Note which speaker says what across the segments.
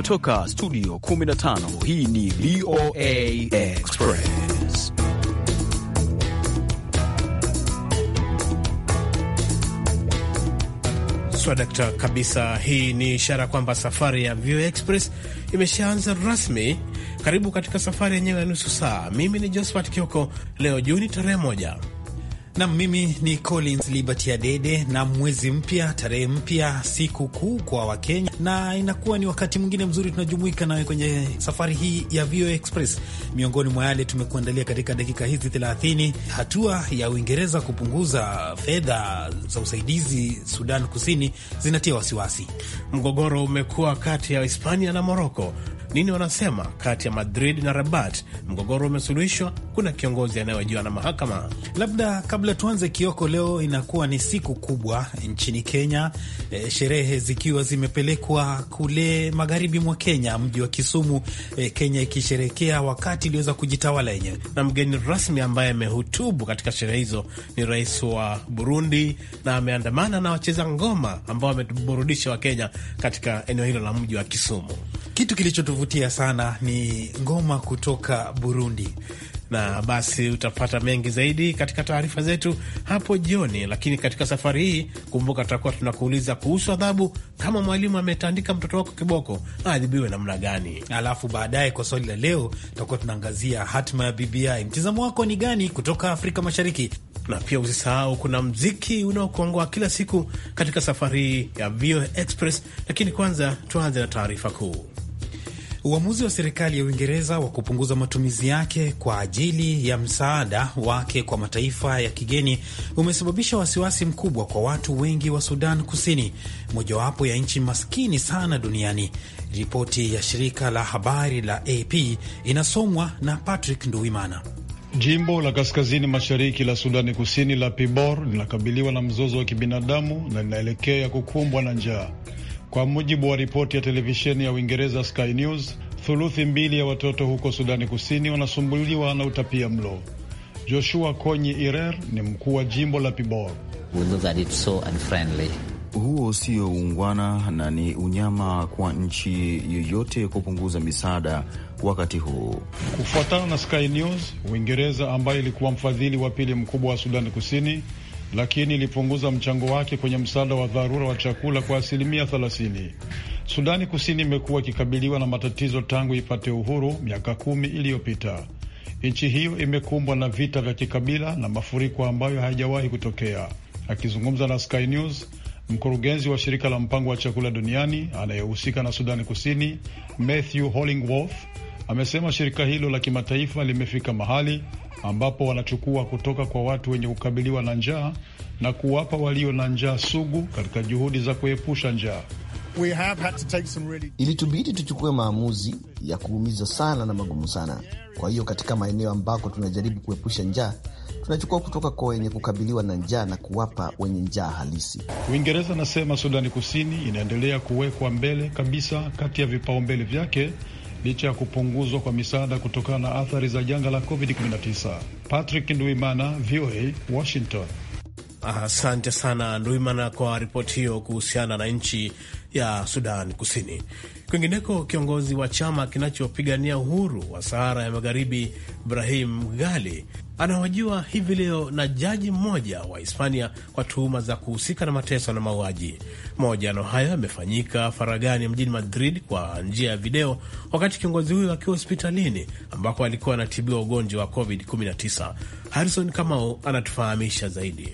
Speaker 1: kutoka studio 15 hii ni voa express
Speaker 2: swadakta kabisa hii ni ishara kwamba safari ya voa express imeshaanza rasmi karibu katika safari yenyewe ya nusu saa mimi ni josephat kioko leo juni tarehe moja Nam, mimi ni Collins Liberty Adede, na mwezi mpya, tarehe mpya, siku kuu kwa Wakenya, na inakuwa ni wakati mwingine mzuri tunajumuika nawe kwenye safari hii ya VOA Express. Miongoni mwa yale tumekuandalia katika dakika hizi 30: hatua ya Uingereza kupunguza fedha za usaidizi Sudan Kusini zinatia wasiwasi. Mgogoro umekuwa kati ya Hispania na Moroko, nini wanasema kati ya Madrid na Rabat. Mgogoro umesuluhishwa, kuna kiongozi anayojiwa na mahakama. Labda kabla tuanze, Kioko, leo inakuwa ni siku kubwa nchini Kenya, e, sherehe zikiwa zimepelekwa kule magharibi mwa Kenya, mji wa Kisumu, e, Kenya ikisherekea wakati iliweza kujitawala yenyewe. Na mgeni rasmi ambaye amehutubu katika sherehe hizo ni rais wa Burundi, na ameandamana na wacheza ngoma ambao wameburudisha Wakenya katika eneo hilo la mji wa Kisumu. Kitu kilichotu kinachovutia sana ni ngoma kutoka Burundi na basi utapata mengi zaidi katika taarifa zetu hapo jioni. Lakini katika safari hii, kumbuka, tutakuwa tunakuuliza kuhusu adhabu. Kama mwalimu ametandika mtoto wako kiboko, aadhibiwe namna gani? Alafu baadaye kwa swali la leo, tutakuwa tunaangazia hatima ya BBI. Mtizamo wako ni gani kutoka Afrika Mashariki? Na pia usisahau, kuna mziki unaokuangua kila siku katika safari ya VOA Express. Lakini kwanza tuanze na taarifa kuu. Uamuzi wa serikali ya Uingereza wa kupunguza matumizi yake kwa ajili ya msaada wake kwa mataifa ya kigeni umesababisha wasiwasi mkubwa kwa watu wengi wa Sudan Kusini, mojawapo ya nchi maskini sana duniani. Ripoti
Speaker 3: ya shirika la habari la AP inasomwa na Patrick Nduwimana. Jimbo la kaskazini mashariki la Sudani Kusini la Pibor linakabiliwa na mzozo wa kibinadamu na linaelekea kukumbwa na njaa. Kwa mujibu wa ripoti ya televisheni ya Uingereza Sky News, thuluthi mbili ya watoto huko Sudani Kusini wanasumbuliwa na utapia mlo. Joshua Konyi Irer ni mkuu wa jimbo la Pibor.
Speaker 1: Huo sio uungwana na ni unyama kwa nchi yoyote kupunguza misaada wakati huu.
Speaker 3: Kufuatana na Sky News, Uingereza ambayo ilikuwa mfadhili wa pili mkubwa wa Sudani Kusini lakini ilipunguza mchango wake kwenye msaada wa dharura wa chakula kwa asilimia 30. Sudani Kusini imekuwa ikikabiliwa na matatizo tangu ipate uhuru miaka kumi iliyopita. Nchi hiyo imekumbwa na vita vya kikabila na mafuriko ambayo hayajawahi kutokea. Akizungumza na Sky News, mkurugenzi wa shirika la mpango wa chakula duniani anayehusika na Sudani Kusini, Matthew Hollingworth, amesema shirika hilo la kimataifa limefika mahali ambapo wanachukua kutoka kwa watu wenye kukabiliwa na njaa na kuwapa walio na njaa sugu katika juhudi za kuepusha njaa. Really... ilitubidi
Speaker 4: tuchukue maamuzi ya kuumiza sana na magumu sana. Kwa hiyo katika maeneo ambako tunajaribu kuepusha njaa, tunachukua kutoka kwa wenye kukabiliwa na njaa na kuwapa wenye njaa halisi.
Speaker 3: Uingereza anasema Sudani Kusini inaendelea kuwekwa mbele kabisa kati ya vipaumbele vyake licha ya kupunguzwa kwa misaada kutokana na athari za janga la COVID-19. Patrick Nduimana, VOA, Washington. Asante sana nduimana
Speaker 2: kwa ripoti hiyo kuhusiana na nchi ya Sudan Kusini. Kwingineko, kiongozi wa chama kinachopigania uhuru wa Sahara ya Magharibi Ibrahim Gali anahojiwa hivi leo na jaji mmoja wa Hispania kwa tuhuma za kuhusika na mateso na mauaji. Mahojiano hayo yamefanyika faragani mjini Madrid kwa njia ya video, wakati kiongozi huyo akiwa hospitalini ambako alikuwa anatibiwa ugonjwa wa COVID-19. Harrison Kamau anatufahamisha zaidi.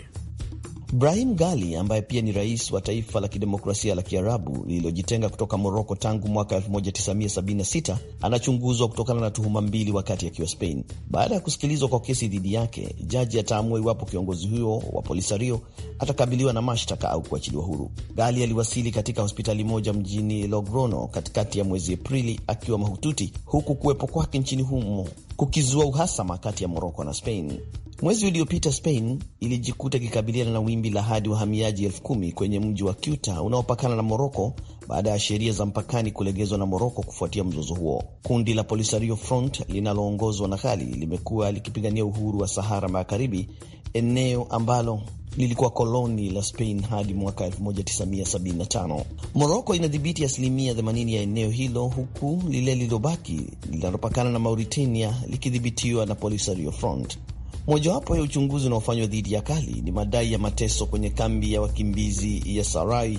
Speaker 4: Brahim Gali ambaye pia ni rais wa taifa la kidemokrasia la Kiarabu lililojitenga kutoka Moroko tangu mwaka 1976 anachunguzwa kutokana na tuhuma mbili wakati akiwa Spain. Baada ya kusikilizwa kwa kesi dhidi yake, jaji ataamua iwapo kiongozi huyo wa Polisario atakabiliwa na mashtaka au kuachiliwa huru. Gali aliwasili katika hospitali moja mjini Logrono katikati ya mwezi Aprili akiwa mahututi, huku kuwepo kwake nchini humo kukizua uhasama kati ya Moroko na Spain. Mwezi uliopita Spain ilijikuta ikikabiliana na wimbi la hadi wahamiaji elfu kumi kwenye mji wa Ceuta unaopakana na Moroko baada ya sheria za mpakani kulegezwa na Moroko kufuatia mzozo huo. Kundi la Polisario Front linaloongozwa na Ghali limekuwa likipigania uhuru wa Sahara Magharibi eneo ambalo lilikuwa koloni la Spain hadi mwaka 1975. Moroko inadhibiti asilimia 80 ya eneo hilo, huku lile lililobaki linalopakana na Mauritania likidhibitiwa na Polisario Front. Mojawapo ya uchunguzi unaofanywa dhidi ya Kali ni madai ya mateso kwenye kambi ya wakimbizi ya Sarai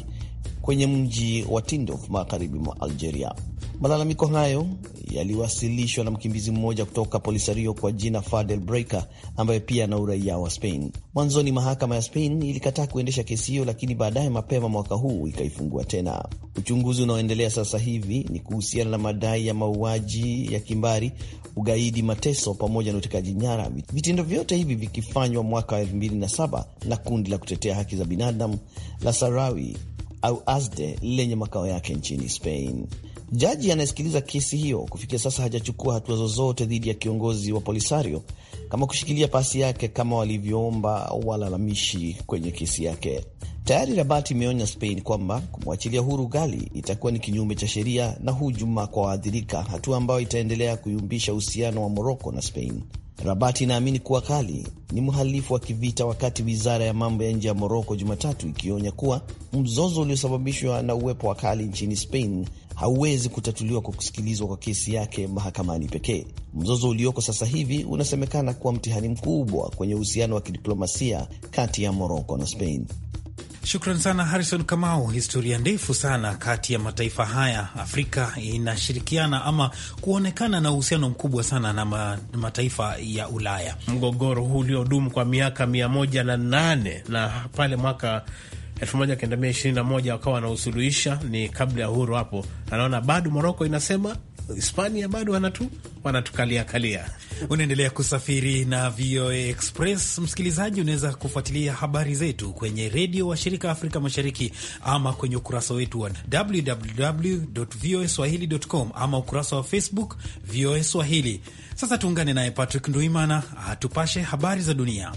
Speaker 4: kwenye mji wa Tindouf magharibi mwa Algeria. Malalamiko hayo yaliwasilishwa na mkimbizi mmoja kutoka Polisario kwa jina Fadel breker ambaye pia ana uraia wa Spain. Mwanzoni mahakama ya Spain ilikataa kuendesha kesi hiyo, lakini baadaye mapema mwaka huu ikaifungua tena. Uchunguzi unaoendelea sasa hivi ni kuhusiana na madai ya mauaji ya kimbari, ugaidi, mateso pamoja na utekaji nyara, vitendo vyote hivi vikifanywa mwaka wa 2007 na kundi la kutetea haki za binadamu la Sarawi au ASDE lenye makao yake nchini Spain. Jaji anayesikiliza kesi hiyo kufikia sasa hajachukua hatua zozote dhidi ya kiongozi wa Polisario kama kushikilia pasi yake kama walivyoomba walalamishi kwenye kesi yake. Tayari rabati imeonya Spain kwamba kumwachilia huru Gali itakuwa ni kinyume cha sheria na hujuma kwa waathirika, hatua ambayo itaendelea kuyumbisha uhusiano wa Moroko na Spain. Rabati inaamini kuwa Kali ni mhalifu wa kivita, wakati wizara ya mambo ya nje ya Moroko Jumatatu ikionya kuwa mzozo uliosababishwa na uwepo wa Kali nchini Spain hauwezi kutatuliwa kwa kusikilizwa kwa kesi yake mahakamani pekee. Mzozo ulioko sasa hivi unasemekana kuwa mtihani mkubwa kwenye uhusiano wa kidiplomasia kati ya Moroko na Spain.
Speaker 2: Shukran sana Harrison Kamau. Historia ndefu sana kati ya mataifa haya. Afrika inashirikiana ama kuonekana na uhusiano mkubwa sana na ma, mataifa ya Ulaya. Mgogoro huu uliodumu kwa miaka mia moja na nane na pale mwaka 1921 wakawa wanausuluhisha, ni kabla ya uhuru hapo. Anaona bado Moroko inasema Hispania bado wanatu wanatukalia kalia. Unaendelea kusafiri na VOA Express. Msikilizaji, unaweza kufuatilia habari zetu kwenye redio wa shirika Afrika Mashariki ama kwenye ukurasa wetu wa www.voaswahili.com ama ukurasa wa Facebook VOA Swahili. Sasa tuungane naye Patrick Nduimana atupashe habari za dunia.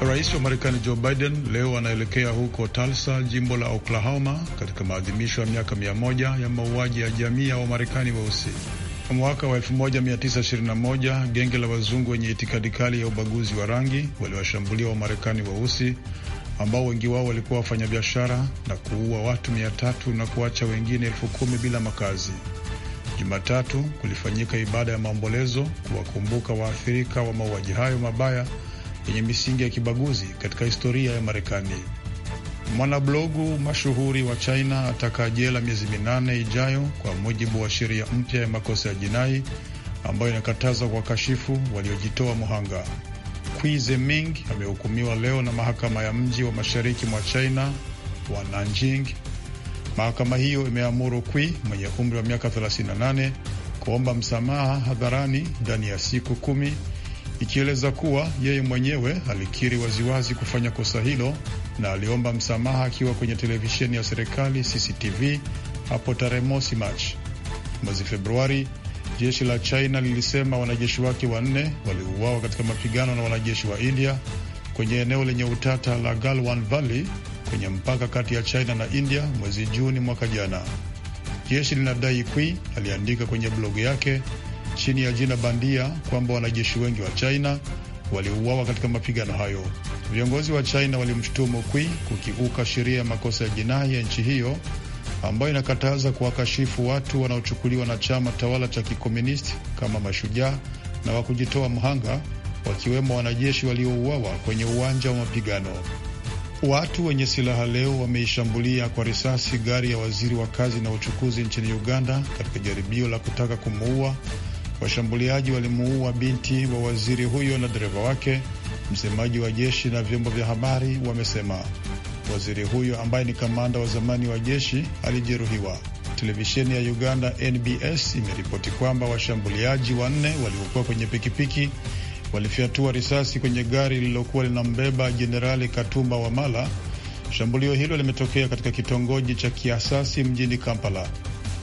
Speaker 3: Rais wa Marekani Joe Biden leo anaelekea huko Tulsa, jimbo la Oklahoma, katika maadhimisho ya miaka mia moja ya mauaji ya jamii ya Wamarekani weusi wa mwaka wa 1921. Genge la wazungu wenye itikadi kali ya ubaguzi wa rangi waliwashambulia Wamarekani weusi wa ambao wengi wao walikuwa wafanyabiashara na kuua watu mia tatu na kuacha wengine elfu kumi bila makazi. Jumatatu kulifanyika ibada ya maombolezo kuwakumbuka waathirika wa mauaji hayo mabaya yenye misingi ya kibaguzi katika historia ya Marekani. Mwanablogu mashuhuri wa China atakaa jela miezi minane ijayo kwa mujibu wa sheria mpya ya makosa ya jinai ambayo inakataza kashifu waliojitoa muhanga. Qui Zeming amehukumiwa leo na mahakama ya mji wa mashariki mwa China wa Nanjing. Mahakama hiyo imeamuru Qui mwenye umri wa miaka 38 kuomba msamaha hadharani ndani ya siku kumi ikieleza kuwa yeye mwenyewe alikiri waziwazi kufanya kosa hilo na aliomba msamaha akiwa kwenye televisheni ya serikali CCTV hapo tarehe mosi Machi. Mwezi Februari, jeshi la China lilisema wanajeshi wake wanne waliuawa katika mapigano na wanajeshi wa India kwenye eneo lenye utata la Galwan Valley kwenye mpaka kati ya China na India mwezi Juni mwaka jana. Jeshi linadai Kwi aliandika kwenye blogu yake chini ya jina bandia kwamba wanajeshi wengi wa China waliuawa katika mapigano hayo. Viongozi wa China walimshutumu Kwi kukiuka sheria ya makosa ya jinai ya nchi hiyo ambayo inakataza kuwakashifu watu wanaochukuliwa na chama tawala cha kikomunisti kama mashujaa na wa kujitoa mhanga, wakiwemo wanajeshi waliouawa kwenye uwanja wa mapigano. Watu wenye silaha leo wameishambulia kwa risasi gari ya waziri wa kazi na uchukuzi nchini Uganda katika jaribio la kutaka kumuua Washambuliaji walimuua binti wa waziri huyo na dereva wake, msemaji wa jeshi na vyombo vya habari wamesema. Waziri huyo ambaye ni kamanda wa zamani wa jeshi alijeruhiwa. Televisheni ya Uganda NBS imeripoti kwamba washambuliaji wanne waliokuwa kwenye pikipiki walifyatua risasi kwenye gari lililokuwa linambeba Jenerali Katumba Wamala. Shambulio hilo limetokea katika kitongoji cha Kiasasi mjini Kampala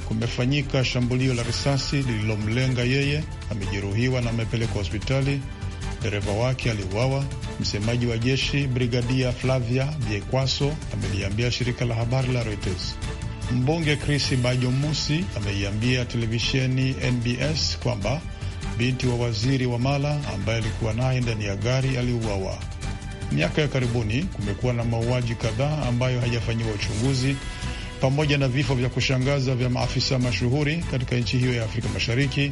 Speaker 3: kumefanyika shambulio la risasi lililomlenga yeye. Amejeruhiwa na amepelekwa hospitali. Dereva wake aliuawa. Msemaji wa jeshi Brigadia Flavia vyekwaso ameliambia shirika la habari la Reuters. Mbunge Chris Bajo Musi ameiambia televisheni NBS kwamba binti wa waziri wa Mala ambaye alikuwa naye ndani ya gari aliuawa. Miaka ya karibuni kumekuwa na mauaji kadhaa ambayo hayajafanyiwa uchunguzi pamoja na vifo vya kushangaza vya maafisa mashuhuri katika nchi hiyo ya Afrika Mashariki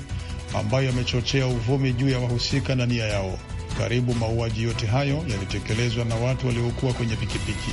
Speaker 3: ambayo yamechochea uvumi juu ya wahusika na nia yao. Karibu mauaji yote hayo yalitekelezwa na watu waliokuwa kwenye pikipiki.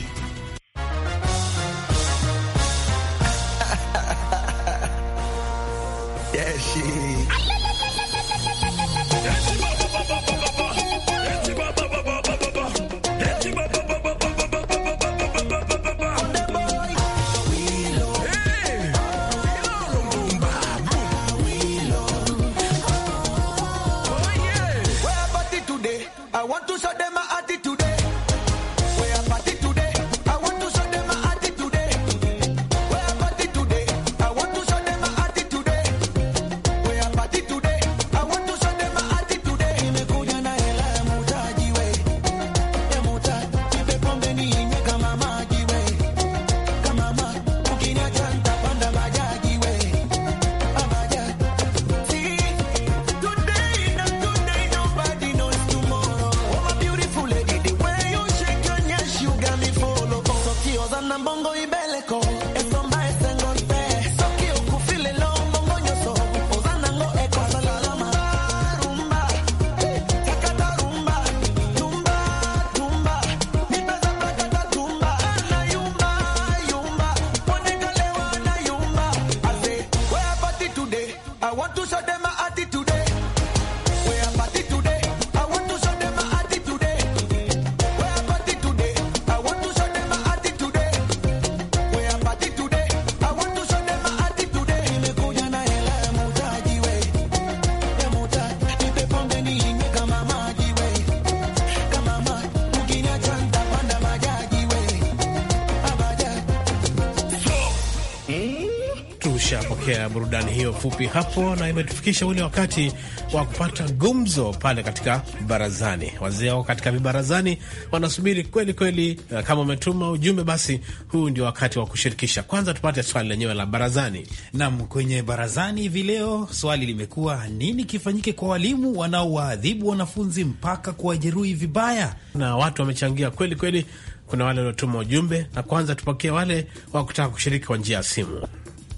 Speaker 2: kupokea burudani hiyo fupi hapo, na imetufikisha ule wakati wa kupata gumzo pale katika barazani. Wazee wako katika vibarazani wanasubiri kweli kweli. Eh, kama umetuma ujumbe, basi huu ndio wakati wa kushirikisha. Kwanza tupate swali lenyewe la barazani. nam kwenye barazani hivi leo swali limekuwa nini kifanyike kwa walimu wanaowaadhibu wanafunzi mpaka kuwajeruhi vibaya, na watu wamechangia kweli kweli. Kuna wale waliotuma ujumbe, na kwanza tupokee wale wa kutaka kushiriki kwa njia ya simu.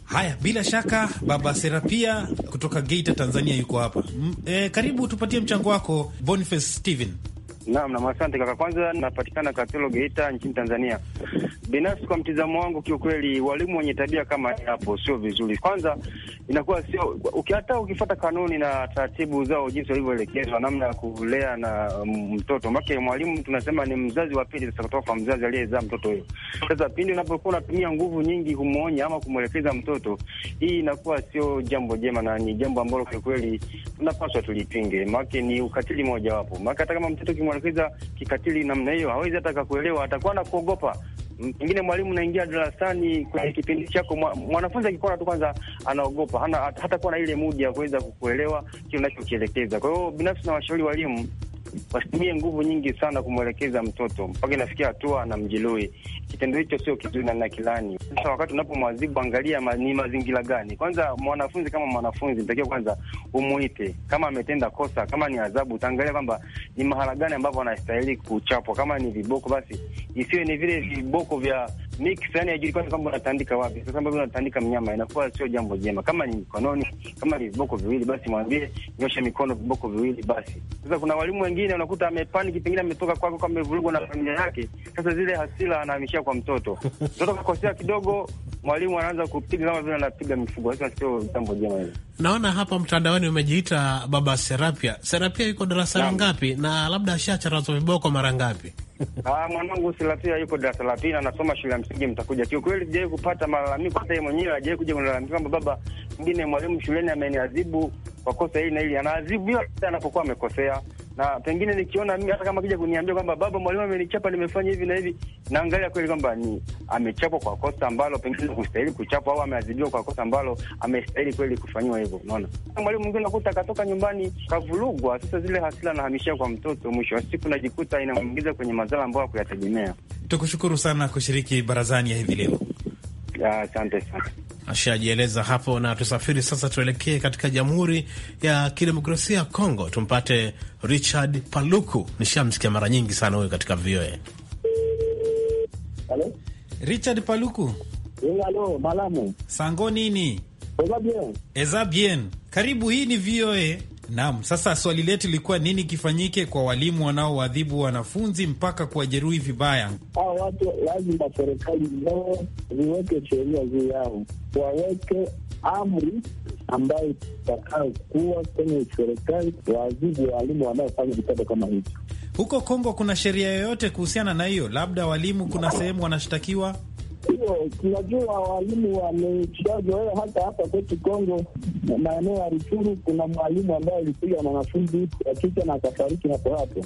Speaker 2: Haya, bila shaka Baba Serapia kutoka Geita, Tanzania, yuko hapa. E, karibu tupatie mchango wako Boniface Steven.
Speaker 5: Naam, na asante kaka. Kwanza napatikana Katoro Geita nchini Tanzania. Binafsi kwa mtizamo wangu, kiukweli, walimu wenye tabia kama hapo sio vizuri. Kwanza inakuwa sio hata ukifuata kanuni na taratibu zao jinsi walivyoelekezwa, namna ya kulea na mm, mtoto make. Mwalimu tunasema ni mzazi wa pili, sasa kutoka kwa mzazi aliyezaa mtoto huyo. Sasa pindi unapokuwa unatumia nguvu nyingi kumwonya ama kumwelekeza mtoto, hii inakuwa sio jambo jema na ni jambo ambalo kiukweli tunapaswa tulipinge, make ni ukatili mojawapo, make hata kama mtoto kimwa wanacheza kikatili namna hiyo, hawezi hata kuelewa, atakuwa kuogopa Pengine mwalimu naingia darasani kwenye kipindi chako, mwanafunzi akikona tu kwanza anaogopa, hatakuwa na ile mudi ya kuweza kukuelewa kile unachokielekeza. Kwa hiyo binafsi nawashauri walimu wasitumie nguvu nyingi sana kumwelekeza mtoto mpaka inafikia hatua anamjeruhi. Kitendo hicho sio kizuri na nakilani. Sasa wakati unapomwadhibu, angalia ma, ni mazingira gani. Kwanza mwanafunzi kama mwanafunzi, mtakiwa kwanza umuite kama ametenda kosa, kama ni adhabu utaangalia kwamba ni mahala gani ambapo anastahili kuchapwa. Kama ni viboko, basi isiwe ni vile viboko vya mix yani kwamba unatandika wapi. Sasa ambavyo unatandika mnyama inakuwa sio jambo jema. Kama ni mikononi, kama ni viboko viwili, basi mwambie nyosha mikono, viboko viwili basi. Sasa kuna walimu wengine unakuta amepaniki, pengine ametoka kwako kama amevurugwa na familia yake. Sasa zile hasira anahamishia kwa mtoto. Mtoto kakosea kidogo, mwalimu anaanza kupiga kama vile anapiga mifugo. Sasa sio jambo jema hilo.
Speaker 2: Naona hapa mtandaoni umejiita baba Serapia. Serapia yuko darasa ngapi na labda ashacharazwa viboko mara ngapi?
Speaker 5: Ah, mwanangu Silapia yuko darasa la pili anasoma shule ya msingi Mtakuja. Kiukweli sijawahi kupata malalamiko, hata yeye mwenyewe hajawahi kuja kunilalamika kwamba baba mwingine mwalimu shuleni ameniadhibu kwa kosa hili na hili. Anaadhibu hata anapokuwa amekosea na pengine nikiona mimi hata kama kija kuniambia kwamba baba mwalimu amenichapa, nimefanya hivi na hivi, naangalia kweli kwamba ni amechapwa kwa kosa ambalo pengine kustahili kuchapwa, au ameadhibiwa kwa kosa ambalo amestahili kweli kufanywa hivyo. Unaona, mwalimu mwingine nakuta akatoka nyumbani kavurugwa. Sasa zile hasira nahamishia kwa mtoto, mwisho wa siku najikuta inamwingiza kwenye mazala ambayo kuyategemea.
Speaker 2: Tukushukuru sana kushiriki barazani ya hivi leo.
Speaker 5: Asante sana.
Speaker 2: Ashajieleza hapo, na tusafiri sasa, tuelekee katika Jamhuri ya Kidemokrasia ya Kongo, tumpate Richard Paluku. Nishamsikia mara nyingi sana huyo katika VOA. Hello? Richard Paluku. Hello, malamu. Sango nini? Eza bien. Eza bien. Karibu, hii ni VOA Naam, sasa swali letu ilikuwa nini kifanyike kwa walimu wanaowadhibu wanafunzi mpaka kuwajeruhi vibaya?
Speaker 6: Hawa watu lazima serikali zao ziweke sheria juu yao, waweke amri ambayo kuwa kwenye serikali waadhibu waalimu wanaofanya vitendo kama hivyo.
Speaker 2: Huko Kongo kuna sheria yoyote kuhusiana na hiyo? Labda walimu kuna sehemu wanashtakiwa
Speaker 6: hiyo tunajua walimu wameshazoea. Hata hapa kwetu Kongo, maeneo ya Ruchuru, kuna mwalimu ambaye alipiga mwanafunzi ya kike na akafariki hapo hapo.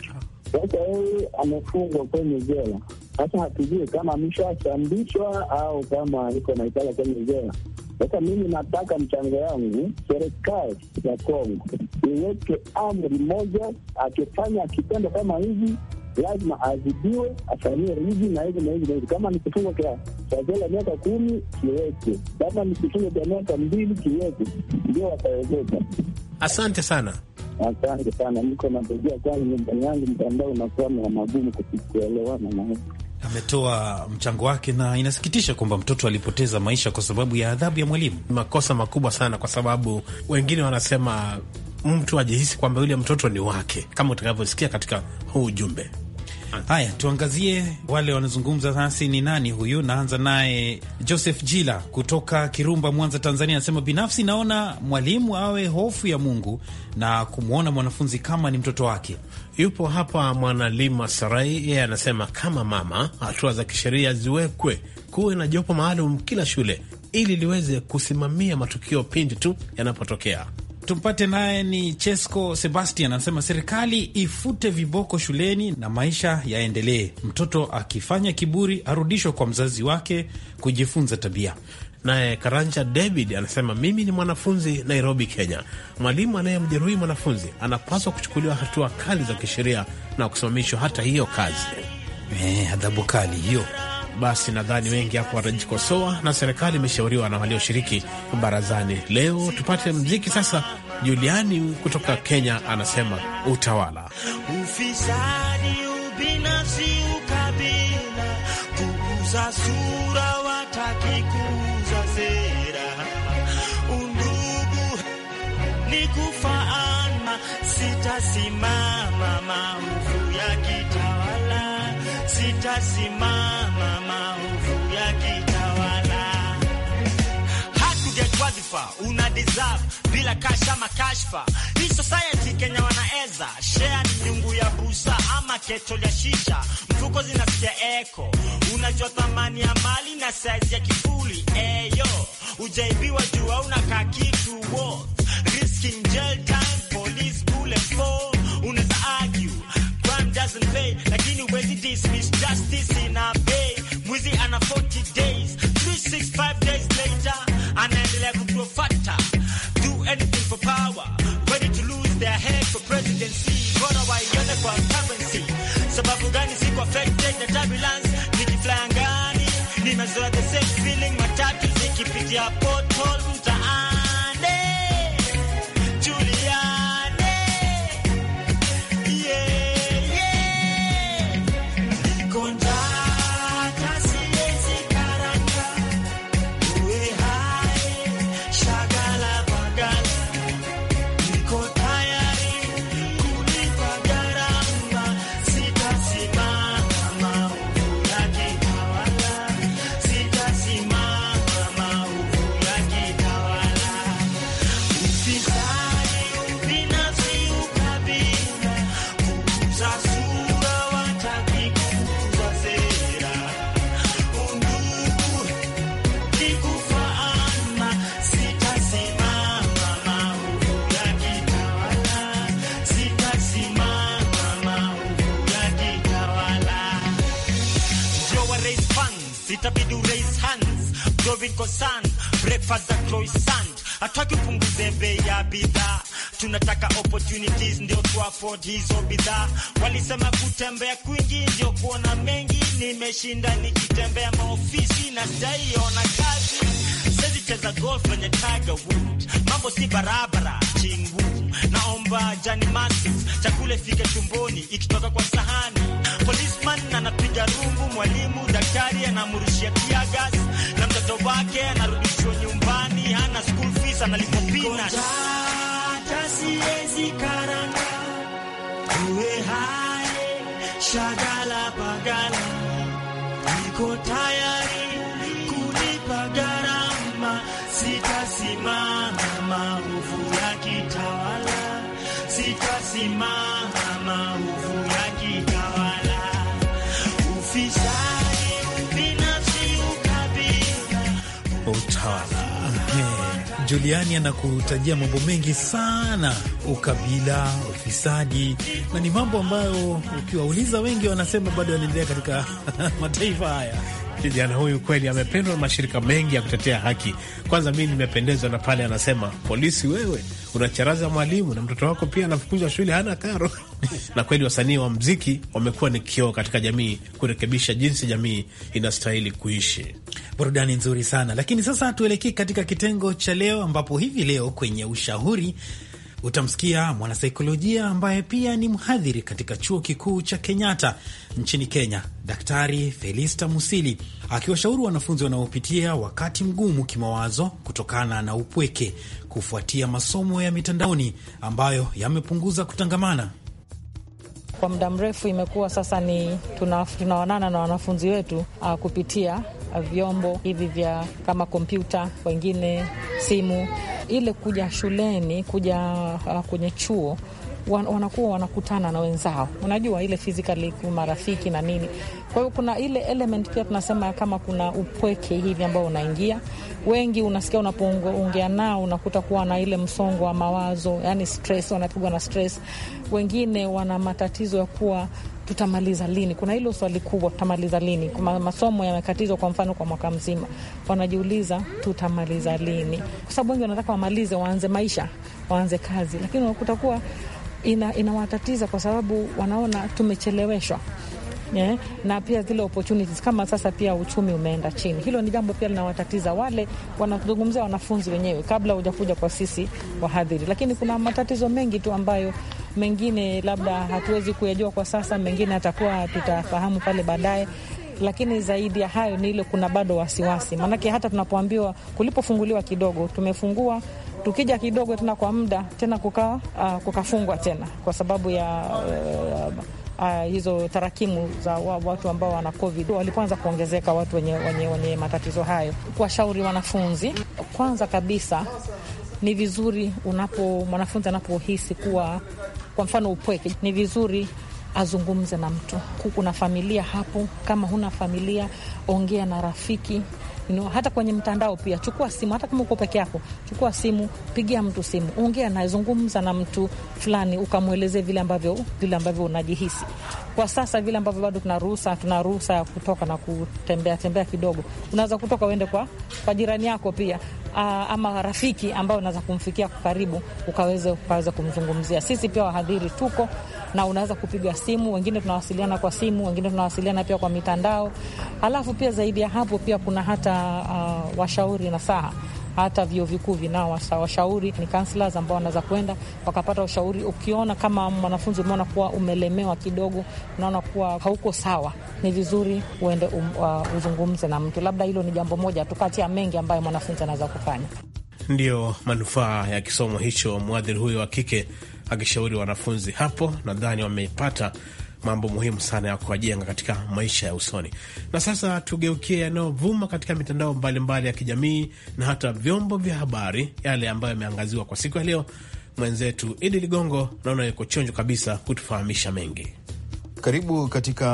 Speaker 6: Sasa yeye amefungwa kwenye jela. Sasa hatujui kama ameshasambishwa au kama iko naikala kwenye jela. Sasa mimi nataka mchango yangu serikali ya Kongo iweke amri moja, akifanya kitendo kama hivi lazima aadhibiwe, afanyiwe hivi na hivi na hivi na hivi. Kama ni kifungo cha cha miaka kumi kiweke, kama ni kifungo cha miaka mbili kiweke, ndio watawezeka.
Speaker 2: Asante sana.
Speaker 6: Asante sana, niko nategea kwani nyumbani yangu mtandao unakuwa na magumu kuelewana na
Speaker 2: ametoa mchango wake, na inasikitisha kwamba mtoto alipoteza maisha kwa sababu ya adhabu ya mwalimu. Makosa makubwa sana, kwa sababu wengine wanasema mtu ajihisi kwamba yule mtoto ni wake, kama utakavyosikia katika huu ujumbe. Haya, tuangazie wale wanazungumza nasi. Ni nani huyu? Naanza naye Joseph Jila kutoka Kirumba, Mwanza, Tanzania, anasema binafsi naona mwalimu awe hofu ya Mungu na kumwona mwanafunzi kama ni mtoto wake. Yupo hapa Mwanalima Sarai, yeye anasema kama mama, hatua za kisheria ziwekwe, kuwe na jopo maalum kila shule ili liweze kusimamia matukio pindi tu yanapotokea tumpate naye ni Chesco Sebastian, anasema serikali ifute viboko shuleni na maisha yaendelee. Mtoto akifanya kiburi arudishwe kwa mzazi wake kujifunza tabia. Naye Karanja David anasema mimi ni mwanafunzi Nairobi, Kenya. Mwalimu anayemjeruhi mwanafunzi anapaswa kuchukuliwa hatua kali za kisheria na kusimamishwa hata hiyo kazi. Eh, adhabu kali hiyo basi nadhani wengi hapo watajikosoa, na serikali imeshauriwa na walioshiriki barazani leo. Tupate mziki sasa. Juliani kutoka Kenya anasema utawala,
Speaker 7: ufisadi, ubinafsi, ukabila, kuuza sura, wataki kuuza sera, undugu ni kufaana, sitasimama maovu ya kitawala, sitasimama yakitawala, hatujajwadhifa una deserve bila kasha makashfa. Hii society Kenya wanaeza share ni nyungu ya busa ama keto ya shisha, mfuko zinasikia eko, unajua thamani ya mali na size ya kifuli eyo, eh, ujaibiwa jua una kakitu wo risking jail time police bullet for unaweza argue crime doesn't pay, lakini huwezi dismiss justice ina pay within 40 days. 365 days later, level anaendelea kukufuata. Do anything for power, ready to lose their head for presidency. Bora waione kwa currency. So gani siko affected the turbulence? fly Nikifly angani, nimezoea the same feeling My matatu zikipitia pothole mtaani. Hatutaki upunguze bei ya bidhaa, tunataka opportunities ndio tu afford hizo bidhaa. Walisema kutembea kwingi ndio kuona mengi, nimeshinda nikitembea maofisi na sitaiona kazi. Sezi cheza golf kwenye Tiger Woods, mambo si barabara hainitii ngumu, naomba jani masis, chakula fike chumboni ikitoka kwa sahani. Policeman anapiga rungu, mwalimu daktari anamrushia pia gas na mtoto wake anarudishwa nyumbani, hana school fees, analipwa peanuts. karanga uwe hai shagala pagala, niko tayari
Speaker 2: Juliani anakutajia mambo mengi sana, ukabila, ufisadi, na ni mambo ambayo ukiwauliza wengi wanasema bado yanaendelea katika mataifa haya. Kijana huyu kweli amependwa na mashirika mengi ya kutetea haki. Kwanza mi nimependezwa na pale anasema, polisi wewe unacharaza mwalimu na mtoto wako pia anafukuzwa shule, hana karo. Na kweli wasanii wa mziki wamekuwa ni kioo katika jamii, kurekebisha jinsi jamii inastahili kuishi. Burudani nzuri sana, lakini sasa tuelekee katika kitengo cha leo, ambapo hivi leo kwenye ushauri utamsikia mwanasaikolojia ambaye pia ni mhadhiri katika chuo kikuu cha Kenyatta nchini Kenya, Daktari Felista Musili akiwashauri wanafunzi wanaopitia wakati mgumu kimawazo kutokana na upweke kufuatia masomo ya mitandaoni ambayo yamepunguza kutangamana
Speaker 8: kwa muda mrefu. Imekuwa sasa ni tunaonana na wanafunzi wetu uh, kupitia vyombo hivi vya kama kompyuta, wengine simu. Ile kuja shuleni, kuja uh, kwenye chuo wanakuwa wanakutana na wenzao, unajua ile physically marafiki na nini. Kwa hiyo kuna ile element pia tunasema kama kuna upweke hivi ambao unaingia, wengi unasikia, unapoongea nao unakuta kuwa na ile msongo wa mawazo, yani stress, wanapigwa na stress. Wengine wana matatizo ya kuwa tutamaliza lini? Kuna hilo swali kubwa, tutamaliza lini? Kuma masomo yamekatizwa kwa mfano kwa mwaka mzima, wanajiuliza tutamaliza lini? Kwa sababu wengi wanataka wamalize, waanze maisha, waanze kazi, lakini unakuta kuwa ina, inawatatiza kwa sababu wanaona tumecheleweshwa. Yeah, na pia zile opportunities kama sasa pia uchumi umeenda chini. Hilo ni jambo pia linawatatiza wale wanazungumzia wanafunzi wenyewe kabla hujakuja kwa sisi wahadhiri, lakini kuna matatizo mengi tu ambayo mengine labda hatuwezi kuyajua kwa sasa, mengine atakuwa tutafahamu pale baadaye lakini zaidi ya hayo ni ile, kuna bado wasiwasi, maanake hata tunapoambiwa kulipofunguliwa kidogo, tumefungua tukija kidogo tena kwa muda tena kukaa uh, kukafungwa tena kwa sababu ya uh, uh, hizo tarakimu za watu ambao wana COVID walipoanza kuongezeka, watu wenye, wenye, wenye matatizo hayo. Kuwashauri wanafunzi kwanza kabisa ni vizuri unapo mwanafunzi anapohisi kuwa, kwa mfano, upweke, ni vizuri azungumze na mtu. Kuna familia hapo, kama huna familia, ongea na rafiki know, hata kwenye mtandao pia chukua simu, hata kama uko peke yako, chukua simu, pigia mtu simu, ongea naye, zungumza na mtu fulani, ukamwelezee vile ambavyo vile ambavyo unajihisi. Kwa sasa vile ambavyo bado tuna ruhusa, tuna ruhusa ya kutoka na kutembea tembea kidogo, unaweza kutoka uende kwa, kwa jirani yako pia Aa, ama rafiki ambayo unaweza kumfikia kwa karibu ukaweze ukaweza kumzungumzia. Sisi pia wahadhiri tuko na unaweza kupiga simu, wengine tunawasiliana kwa simu, wengine tunawasiliana pia kwa mitandao. Alafu pia zaidi ya hapo pia kuna hata uh, washauri na saha hata vyuo vikuu vinao washauri, ni counselors ambao wanaweza kwenda wakapata ushauri. Ukiona kama mwanafunzi umeona kuwa umelemewa kidogo, unaona kuwa hauko sawa, ni vizuri uende um, uh, uzungumze na mtu. Labda hilo ni jambo moja tu kati ya mengi ambayo mwanafunzi anaweza kufanya.
Speaker 2: Ndiyo manufaa ya kisomo hicho, mwadhiri huyo wa kike akishauri wanafunzi hapo, nadhani wameipata mambo muhimu sana ya kuwajenga katika maisha ya usoni. Na sasa tugeukie yanayovuma katika mitandao mbalimbali mbali ya kijamii na hata vyombo vya habari, yale ambayo yameangaziwa kwa siku ya leo. Mwenzetu Idi Ligongo naona yuko chonjo kabisa kutufahamisha mengi.
Speaker 1: Karibu katika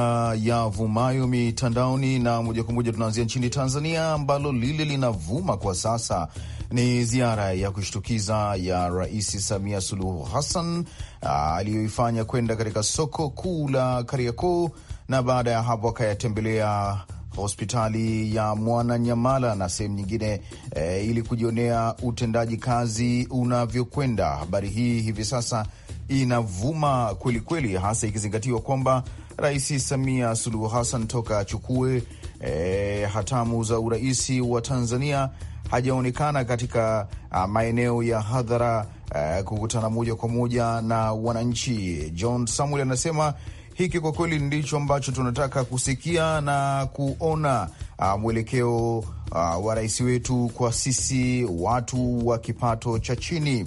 Speaker 1: yavumayo mitandaoni, na moja kwa moja tunaanzia nchini Tanzania, ambalo lile linavuma kwa sasa ni ziara ya kushtukiza ya Rais Samia Suluhu Hassan ah, aliyoifanya kwenda katika soko kuu la Kariakoo, na baada ya hapo akayatembelea hospitali ya Mwananyamala na sehemu nyingine e, ili kujionea utendaji kazi unavyokwenda. Habari hii hivi sasa inavuma kwelikweli, hasa ikizingatiwa kwamba Rais Samia Suluhu Hassan toka achukue e, hatamu za uraisi wa Tanzania hajaonekana katika a, ah, maeneo ya hadhara eh, kukutana moja kwa moja na wananchi. John Samuel anasema hiki kwa kweli ndicho ambacho tunataka kusikia na kuona, a, ah, mwelekeo ah, wa rais wetu kwa sisi watu wa kipato cha chini.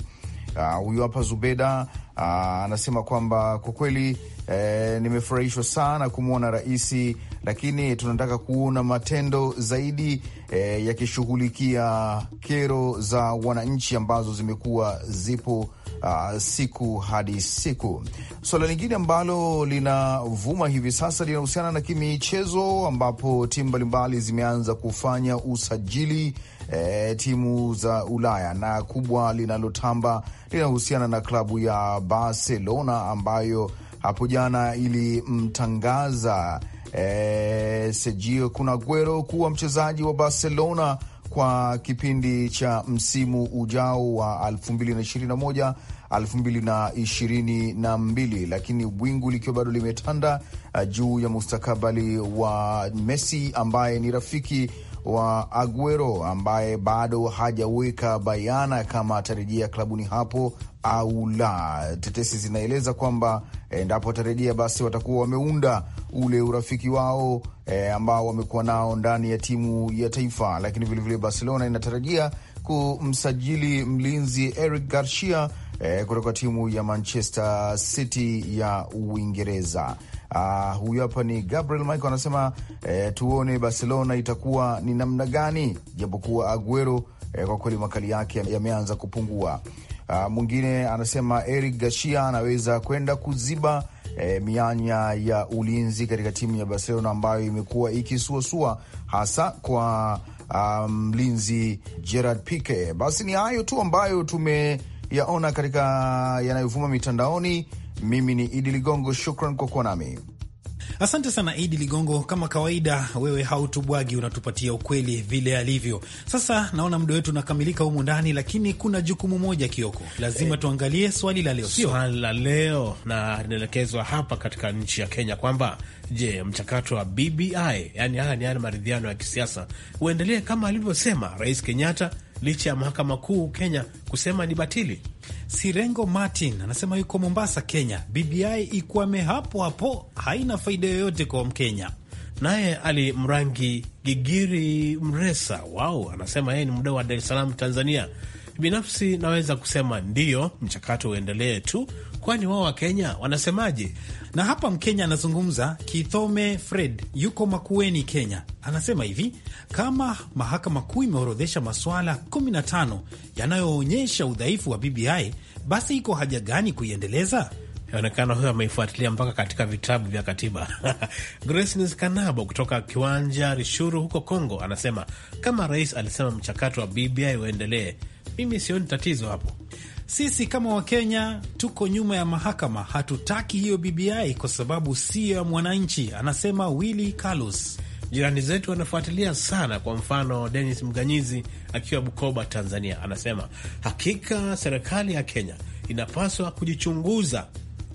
Speaker 1: Huyu hapa Zubeda Ah, anasema kwamba kwa kweli eh, nimefurahishwa sana kumwona rais, lakini tunataka kuona matendo zaidi eh, yakishughulikia kero za wananchi ambazo zimekuwa zipo Uh, siku hadi siku. Suala so, lingine ambalo linavuma hivi sasa linahusiana na kimichezo ambapo timu mbalimbali zimeanza kufanya usajili eh, timu za Ulaya na kubwa linalotamba linahusiana na klabu ya Barcelona ambayo hapo jana ilimtangaza e, Sergio Kun Aguero kuwa mchezaji wa Barcelona kwa kipindi cha msimu ujao wa 2021 2022, lakini wingu likiwa bado limetanda uh, juu ya mustakabali wa Messi ambaye ni rafiki wa Aguero ambaye bado hajaweka bayana kama atarejea klabuni hapo au la. Tetesi zinaeleza kwamba eh, endapo watarejea, basi watakuwa wameunda ule urafiki wao e, ambao wamekuwa nao ndani ya timu ya taifa, lakini vilevile Barcelona inatarajia kumsajili mlinzi Eric Garcia e, kutoka timu ya Manchester City ya Uingereza. Uh, huyu hapa ni Gabriel Michael anasema eh, tuone Barcelona itakuwa ni namna gani, japokuwa Aguero eh, kwa kweli makali yake yameanza kupungua. Uh, mwingine anasema Eric Garcia anaweza kwenda kuziba e, mianya ya ulinzi katika timu ya Barcelona ambayo imekuwa ikisuasua hasa kwa ah, mlinzi um, Gerard Pique. Basi ni hayo tu ambayo tumeyaona katika yanayovuma mitandaoni.
Speaker 2: Mimi ni Idi Ligongo, shukran kwa kuwa nami. Asante sana Idi Ligongo, kama kawaida wewe hautubwagi, unatupatia ukweli vile alivyo. Sasa naona muda wetu unakamilika humu ndani, lakini kuna jukumu moja Kioko, lazima e, tuangalie swali la leo, sio swali la leo, na linaelekezwa hapa katika nchi ya Kenya kwamba je, mchakato wa BBI, yani haya ni yale maridhiano ya kisiasa, uendelee kama alivyosema Rais Kenyatta licha ya mahakama kuu Kenya kusema ni batili. Sirengo Martin anasema yuko Mombasa, Kenya. BBI ikwame hapo hapo, haina faida yoyote kwa Mkenya. Naye Ali Mrangi Gigiri Mresa wao anasema yeye ni mdau wa Dar es Salaam, Tanzania. Binafsi naweza kusema ndiyo, mchakato uendelee tu, kwani wao Wakenya wanasemaje? Na hapa Mkenya anazungumza, Kithome Fred yuko Makueni, Kenya, anasema hivi: kama mahakama kuu imeorodhesha maswala 15 yanayoonyesha udhaifu wa BBI, basi iko haja gani kuiendeleza? Inaonekana huyo ameifuatilia mpaka katika vitabu vya katiba. Grace Kanabo kutoka Kiwanja Rishuru huko congo anasema kama rais alisema mchakato wa BBI uendelee, mimi sioni tatizo hapo. Sisi kama Wakenya tuko nyuma ya mahakama, hatutaki hiyo BBI kwa sababu sio ya mwananchi, anasema willi Carlos. Jirani zetu wanafuatilia sana. Kwa mfano, Denis Mganyizi akiwa Bukoba, Tanzania, anasema hakika serikali ya Kenya inapaswa kujichunguza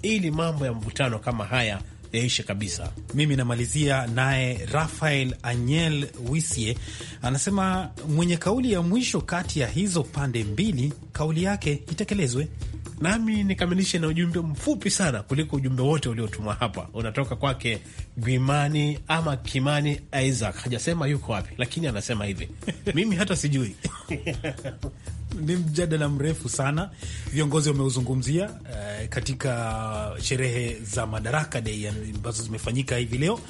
Speaker 2: ili mambo ya mvutano kama haya yaishe kabisa. Mimi namalizia naye Rafael Anyel Wisie anasema mwenye kauli ya mwisho kati ya hizo pande mbili, kauli yake itekelezwe. Nami nikamilishe na ujumbe mfupi sana kuliko ujumbe wote uliotumwa hapa. Unatoka kwake Gwimani ama Kimani Isaac, hajasema yuko wapi, lakini anasema hivi mimi hata sijui ni mjadala mrefu sana, viongozi wameuzungumzia eh, katika sherehe za Madaraka Dei ambazo zimefanyika hivi leo.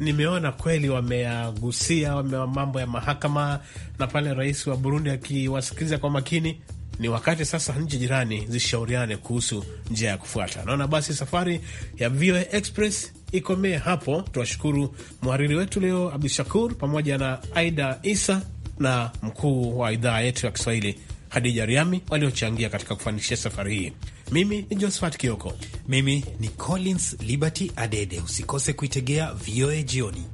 Speaker 2: Nimeona kweli wameagusia wame mambo ya mahakama na pale rais wa Burundi akiwasikiliza kwa makini. Ni wakati sasa nchi jirani zishauriane kuhusu njia ya kufuata. Naona basi safari ya VOA Express ikomee hapo. Tuwashukuru mhariri wetu leo Abdu Shakur pamoja na Aida Isa na mkuu wa idhaa yetu ya Kiswahili Hadija Riami waliochangia katika kufanikisha safari hii. Mimi ni Josephat Kioko, mimi ni Collins Liberty Adede. Usikose kuitegea VOA jioni.